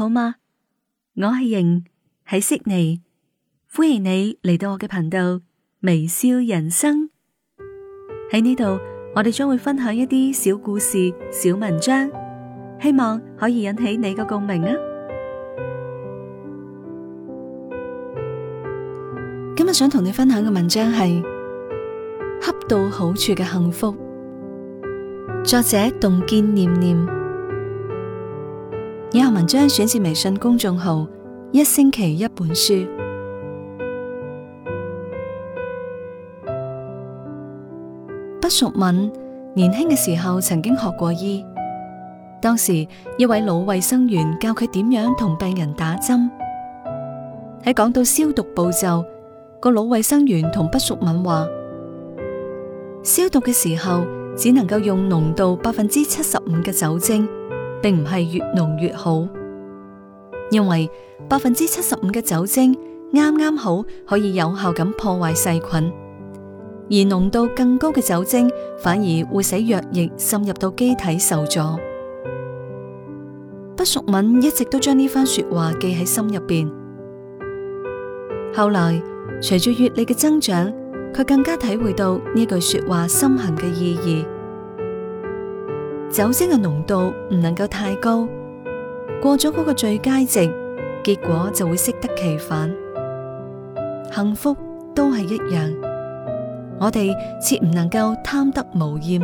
好嗎？我係瑩，喺悉尼，歡迎你嚟到我嘅頻道微笑人生。喺呢度，我哋將會分享一啲小故事、小文章，希望可以引起你嘅共鳴啊！今日想同你分享嘅文章係恰到好處嘅幸福，作者洞見念念。以下文章選自微信公眾號《一星期一本書》。畢淑敏年輕嘅時候曾經學過醫，當時一位老衛生員教佢點樣同病人打針。喺講到消毒步驟，個老衛生員同畢淑敏話：消毒嘅時候只能夠用濃度百分之七十五嘅酒精。並唔係越濃越好，因為百分之七十五嘅酒精啱啱好可以有效咁破壞細菌，而濃度更高嘅酒精反而會使藥液滲入到機體受阻。畢淑敏一直都將呢番說話記喺心入邊，後來隨住閱歷嘅增長，佢更加體會到呢句說話深含嘅意義。酒精嘅濃度唔能夠太高，過咗嗰個最佳值，結果就會適得其反。幸福都係一樣，我哋切唔能夠貪得無厭。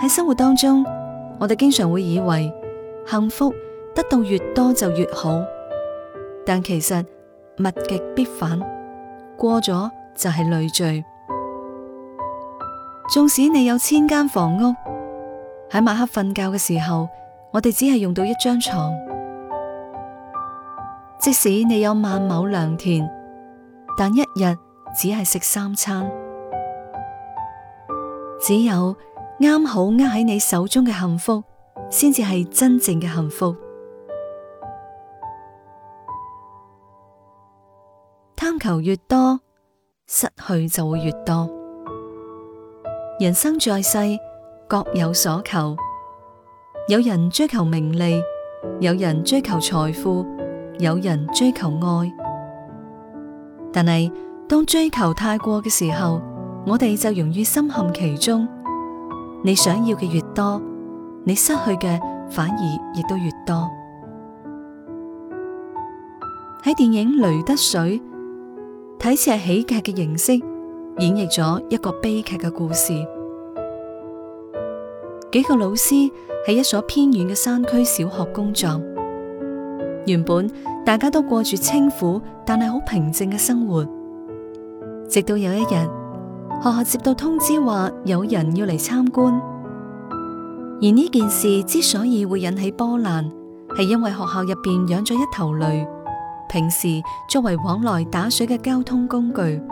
喺生活當中，我哋經常會以為幸福得到越多就越好，但其實，物極必反，過咗就係累贅。縱使你有千間房屋，喺晚黑瞓覺嘅時候，我哋只係用到一張床；即使你有萬畝良田，但一日只係食三餐。只有啱好握喺你手中嘅幸福，先至係真正嘅幸福。貪求越多，失去就會越多。人生在世，各有所求。有人追求名利，有人追求財富，有人追求愛。但係當追求太過嘅時候，我哋就容易深陷其中。你想要嘅越多，你失去嘅反而亦都越多。喺電影《驢得水》，睇似係喜劇嘅形式。演繹咗一個悲劇嘅故事。幾個老師喺一所偏遠嘅山區小學工作，原本大家都過住清苦但係好平靜嘅生活。直到有一日，學校接到通知話有人要嚟參觀，而呢件事之所以會引起波瀾，係因為學校入邊養咗一頭驢，平時作為往來打水嘅交通工具。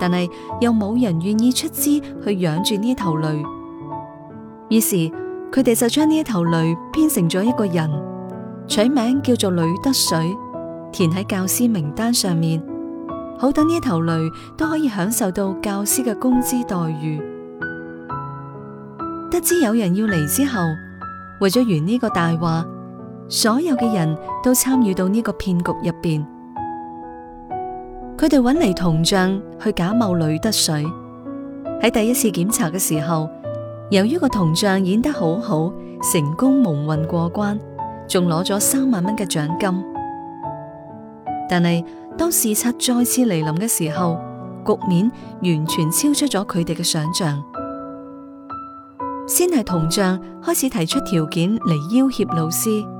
但係又冇人願意出資去養住呢頭驢，於是佢哋就將呢一頭驢編成咗一個人，取名叫做呂德水，填喺教師名單上面，好等呢一頭驢都可以享受到教師嘅工資待遇。得知有人要嚟之後，為咗圓呢個大話，所有嘅人都參與到呢個騙局入邊。佢哋揾嚟銅像去假冒呂得水，喺第一次檢查嘅時候，由於個銅像演得好好，成功蒙混過關，仲攞咗三萬蚊嘅獎金。但係當視察再次嚟臨嘅時候，局面完全超出咗佢哋嘅想象，先係銅像開始提出條件嚟要挾老師。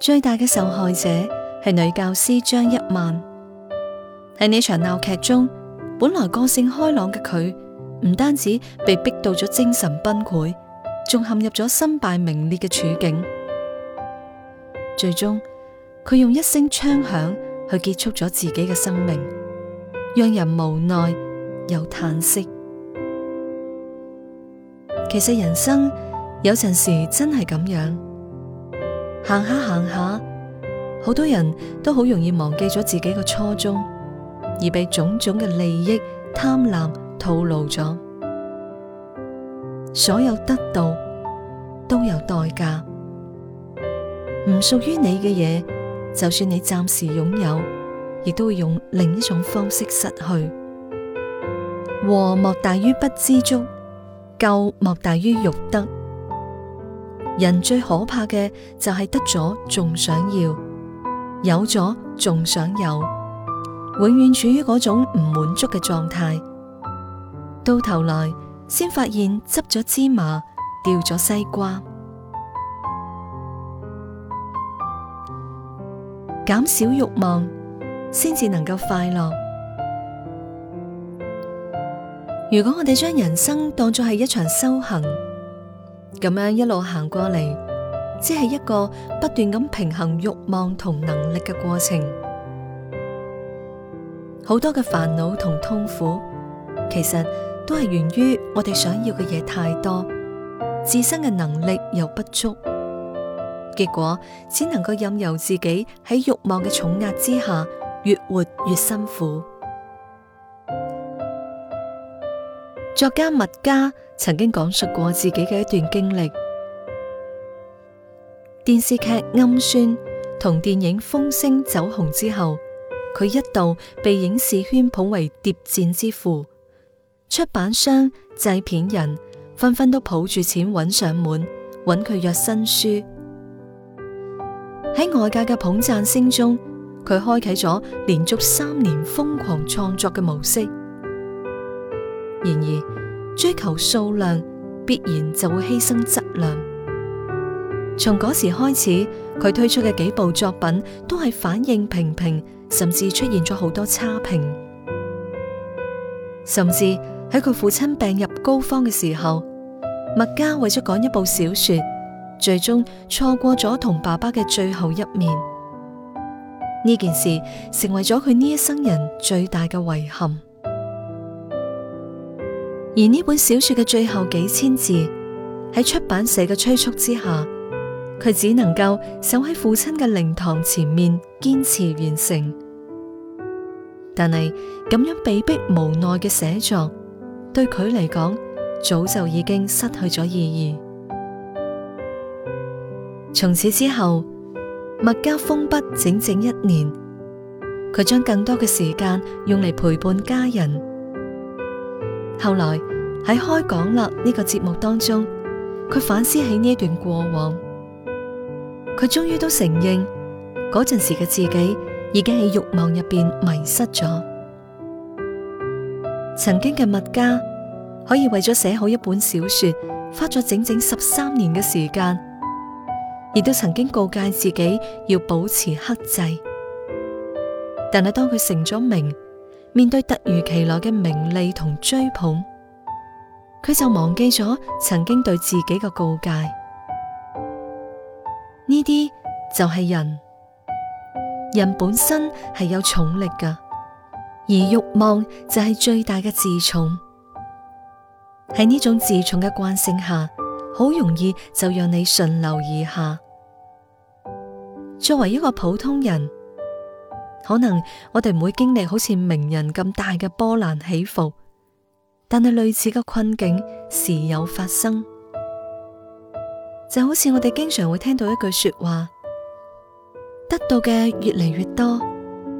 最大嘅受害者係女教師張一曼。喺呢場鬧劇中，本來個性開朗嘅佢，唔單止被逼到咗精神崩潰，仲陷入咗身敗名裂嘅處境。最終，佢用一聲槍響去結束咗自己嘅生命，讓人無奈又嘆息。其實人生有陣時真係咁樣。行下行下，好多人都好容易忘記咗自己嘅初衷，而被種種嘅利益、貪婪套路咗。所有得到都有代價，唔屬於你嘅嘢，就算你暫時擁有，亦都會用另一種方式失去。禍莫大於不知足，咎莫大於慾得。人最可怕嘅就係得咗仲想要，有咗仲想有，永遠處於嗰種唔滿足嘅狀態，到頭來先發現執咗芝麻，掉咗西瓜。減少欲望，先至能夠快樂。如果我哋將人生當作係一場修行，咁樣一路行過嚟，只係一個不斷咁平衡欲望同能力嘅過程。好多嘅煩惱同痛苦，其實都係源於我哋想要嘅嘢太多，自身嘅能力又不足，結果只能夠任由自己喺欲望嘅重壓之下越活越辛苦。作家麥家，曾經講述過自己嘅一段經歷。電視劇《暗算》同電影《風聲》走紅之後，佢一度被影視圈捧為諜戰之父，出版商、製片人紛紛都抱住錢揾上門，揾佢約新書。喺外界嘅捧讚聲中，佢開啟咗連續三年瘋狂創作嘅模式。然而，追求數量必然就會犧牲質量。從嗰時開始，佢推出嘅幾部作品都係反應平平，甚至出現咗好多差評。甚至喺佢父親病入膏肓嘅時候，麥家為咗趕一部小說，最終錯過咗同爸爸嘅最後一面。呢件事成為咗佢呢一生人最大嘅遺憾。而呢本小說嘅最後幾千字，喺出版社嘅催促之下，佢只能夠守喺父親嘅靈堂前面堅持完成。但係咁樣被逼無奈嘅寫作，對佢嚟講早就已經失去咗意義。從此之後，麥家封筆整整一年，佢將更多嘅時間用嚟陪伴家人。後來喺開講啦呢個節目當中，佢反思起呢段過往，佢終於都承認嗰陣時嘅自己已經喺欲望入面迷失咗。曾經嘅麥家可以為咗寫好一本小說，花咗整整十三年嘅時間，亦都曾經告誡自己要保持克制，但係當佢成咗名。面對突如其來嘅名利同追捧，佢就忘記咗曾經對自己嘅告誡。呢啲就係人，人本身係有重力㗎，而欲望就係最大嘅自重。喺呢種自重嘅慣性下，好容易就讓你順流而下。作為一個普通人。可能我哋唔會經歷好似名人咁大嘅波瀾起伏，但係類似嘅困境時有發生。就好似我哋經常會聽到一句說話：得到嘅越嚟越多，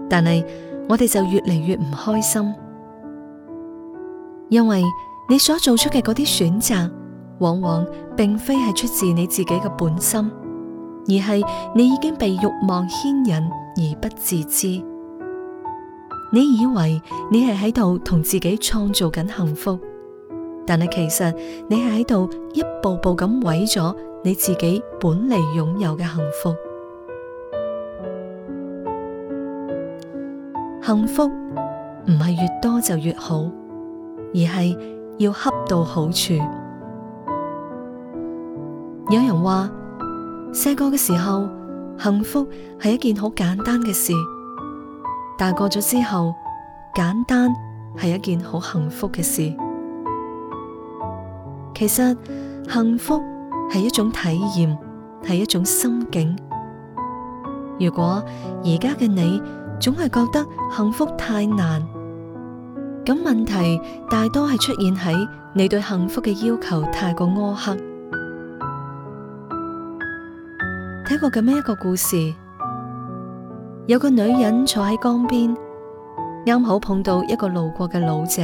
但係我哋就越嚟越唔開心。因為你所做出嘅嗰啲選擇，往往並非係出自你自己嘅本心。而係你已經被慾望牽引而不自知，你以為你係喺度同自己創造緊幸福，但係其實你係喺度一步步咁毀咗你自己本嚟擁有嘅幸福。幸福唔係越多就越好，而係要恰到好處。有人話細個嘅時候，幸福係一件好簡單嘅事；大個咗之後，簡單係一件好幸福嘅事。其實幸福係一種體驗，係一種心境。如果而家嘅你總係覺得幸福太難，咁問題大多係出現喺你對幸福嘅要求太過苛刻。睇過咁樣一個故事，有個女人坐喺江邊，啱好碰到一個路過嘅老者，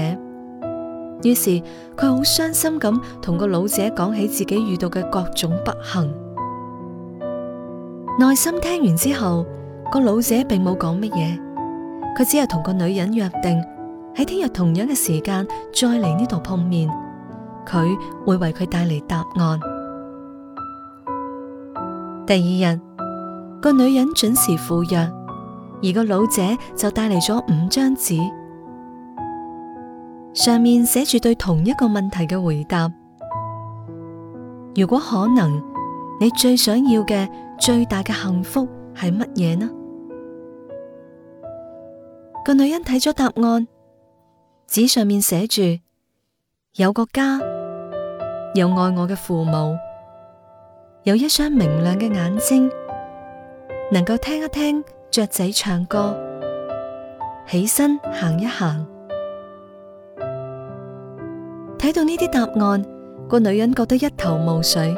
於是佢好傷心咁同個老者講起自己遇到嘅各種不幸。耐心聽完之後，個老者並冇講乜嘢，佢只係同個女人約定喺聽日同樣嘅時間再嚟呢度碰面，佢會為佢帶嚟答案。第二日，個女人準時赴約，而個老者就帶嚟咗五張紙，上面寫住對同一個問題嘅回答。如果可能，你最想要嘅最大嘅幸福係乜嘢呢？個女人睇咗答案，紙上面寫住：有個家，有愛我嘅父母。有一雙明亮嘅眼睛，能夠聽一聽雀仔唱歌，起身行一行。睇到呢啲答案，個女人覺得一頭霧水。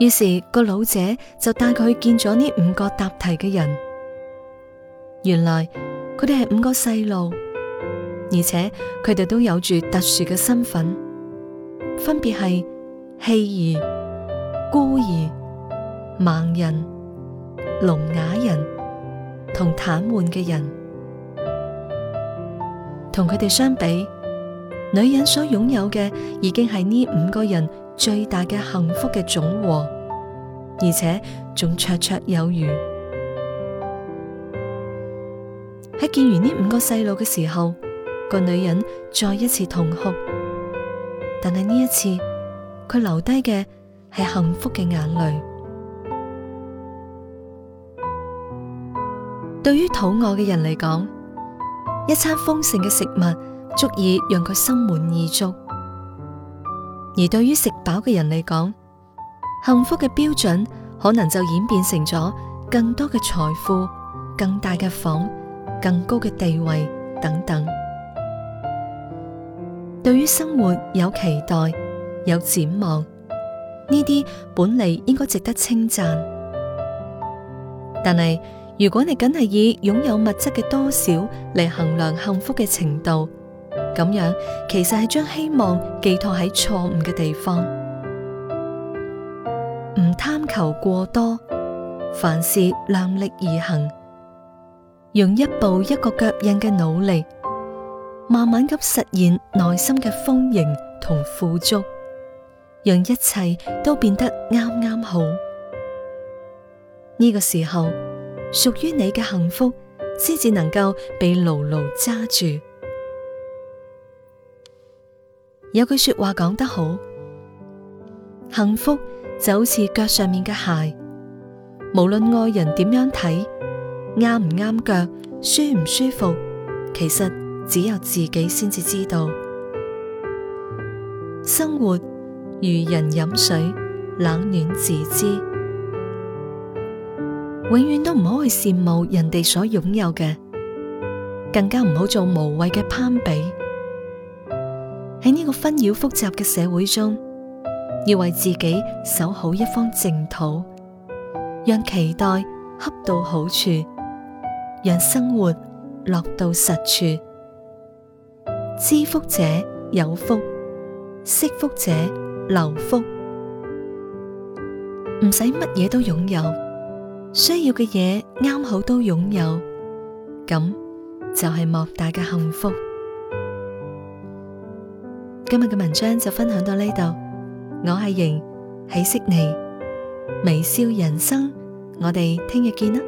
於是個老者就帶佢去見咗呢五個答題嘅人。原來佢哋係五個細路，而且佢哋都有住特殊嘅身份，分別係棄兒。孤兒、盲人、聾啞人同癱瘓嘅人，同佢哋相比，女人所擁有嘅已經係呢五個人最大嘅幸福嘅總和，而且仲綽綽有餘。喺見完呢五個細路嘅時候，個女人再一次痛哭，但係呢一次，佢留低嘅。係幸福嘅眼淚。對於肚餓嘅人嚟講，一餐豐盛嘅食物足以讓佢心滿意足；而對於食飽嘅人嚟講，幸福嘅標準可能就演變成咗更多嘅財富、更大嘅房、更高嘅地位等等。對於生活有期待，有展望。呢啲本嚟應該值得稱讚，但係如果你僅係以擁有物質嘅多少嚟衡量幸福嘅程度，咁樣其實係將希望寄託喺錯誤嘅地方。唔貪求過多，凡事量力而行，用一步一個腳印嘅努力，慢慢咁實現內心嘅豐盈同富足。讓一切都變得啱啱好，呢個時候屬於你嘅幸福先至能夠被牢牢揸住。有句說話講得好，幸福就好似腳上面嘅鞋，無論愛人點樣睇，啱唔啱腳，舒唔舒服，其實只有自己先至知道。生活。如人飲水，冷暖自知。永遠都唔好去羨慕人哋所擁有嘅，更加唔好做無謂嘅攀比。喺呢個紛擾複雜嘅社會中，要為自己守好一方淨土，讓期待恰到好處，讓生活落到實處。知福者有福，惜福者，留福，唔使乜嘢都擁有，需要嘅嘢啱好都擁有，咁就係莫大嘅幸福。今日嘅文章就分享到呢度，我係瑩，喺悉尼，微笑人生，我哋聽日見啦。